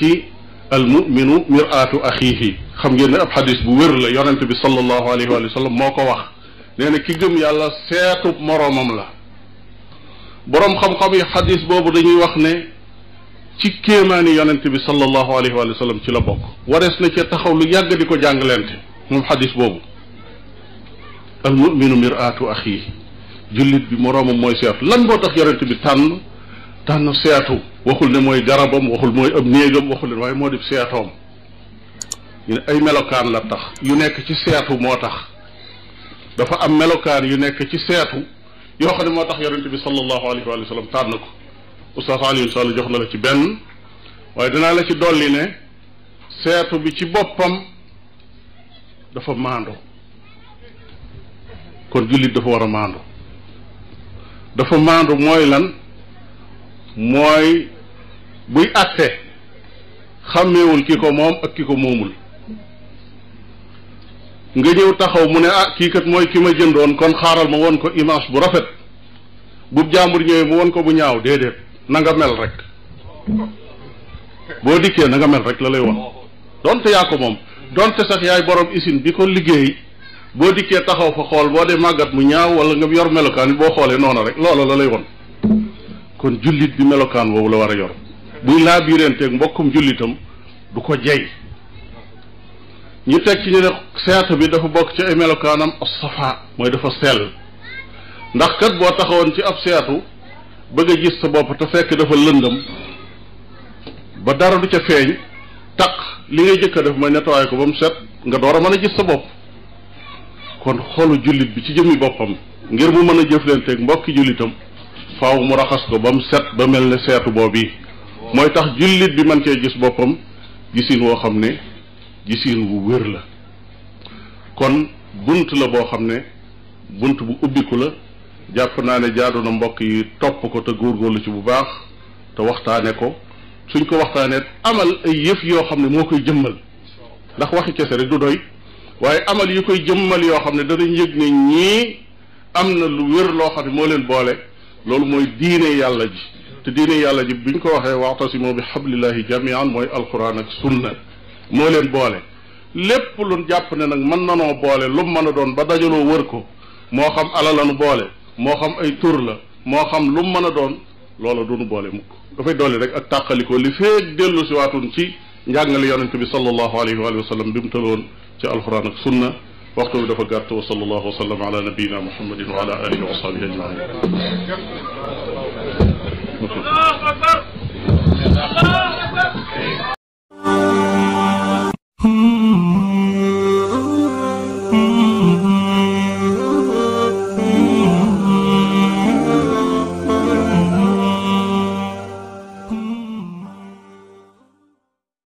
ci al muminu miraatu axiihi xam ngeen ne ab xadis bu wér la yonente bi sallallahu alayhi wa sallam moo ko wax nee na ki gëm yàlla seetu moroomam la boroom xam-xam yi xadis boobu dañuy wax ne ci kéemaani yonente bi sallallahu alayhi wa sallam ci la bokk warees na ca taxaw lu yàgg di ko jàngalente moom xadis boobu al muminu miraatu axiihi jullit bi moroomam mooy seetu lan moo tax yonente bi tànn tànn seetu waxul ne mooy garabam waxul mooy ab néegam waxul ne waaye moo di seetoom ñu ne ay melokaan la tax yu nekk ci seetu moo tax dafa am melokaan yu nekk ci seetu yoo xam ne moo tax yonente bi sallallahu alayhi wa sallam tànn ko oustaz Alioune Sall jox na la ci benn waaye dinaa la ci dolli ne seetu bi ci boppam dafa maandu kon jullit dafa war a maandu dafa maandu mooy lan mooy buy àtte xàmmeewul ki ko moom ak ki ko moomul nga ñëw taxaw mu ne ah kii kat mooy ki ma jëndoon kon xaaral ma won ko image bu rafet bu jàmbur ñëwee mu won ko bu ñaaw déedéet na nga mel rek boo dikkee na nga mel rek la lay won donte yaa ko moom donte sax yaay borom usine bi ko liggéey boo dikkee taxaw fa xool boo dee màggat mu ñaaw wala nga yor melokaan boo xoolee noonu rek loola la lay won kon jullit bi melokaan woowu la war a yor buy laa biiranteeg mbokkum jullitam du ko jey ñu teg ci ñu ne seeta bi dafa bokk ci ay melokaanam as-safa mooy dafa sell ndax kat boo taxawoon ci ab seetu bëgg a gis sa bopp te fekk dafa lëndam ba dara du ca feeñ taq li ngay jëkk def mooy nettoyé ko ba mu set nga door a mën a gis sa bopp kon xolu jullit bi ci jëmmi boppam ngir mu mën a jëflanteeg mbokki jullitam faaw mu raxas ko ba mu set ba mel ne seetu boobu mooy tax jullit bi man cee gis boppam gisin woo xam ne gisin wu wér la kon bunt la boo xam ne bunt bu ubbiku la jàpp naa ne jaadu na mbokk yi topp ko te góorgóorlu ci bu baax te waxtaane ko suñ ko waxtaanee amal ay yëf yoo xam ne moo koy jëmmal ndax waxi kese rek du doy waaye amal yi koy jëmmal yoo xam ne danañ yëg ne ñii am na lu wér loo xam ne moo leen boole loolu mooy diine yàlla ji te diine yàlla ji bi ñu ko waxee waxtasimu bi xablillahi jamian mooy alquran ak sunna moo leen boole lépp lu jàpp ne nag mën nanoo boole lu mën a doon ba dajaloo wër ko moo xam ala lanu boole moo xam ay tur la moo xam lu mën a doon loola duñu boole mukk dafay dolli rek ak ko li feeg dellu si waatun ci njàngale yonente bi sallallahu alayhi wa sallam bi mu tëloon ci alquran ak sunna وقت دفع قرط وصلى الله وسلم على نبينا محمد وعلى آله وصحبه أجمعين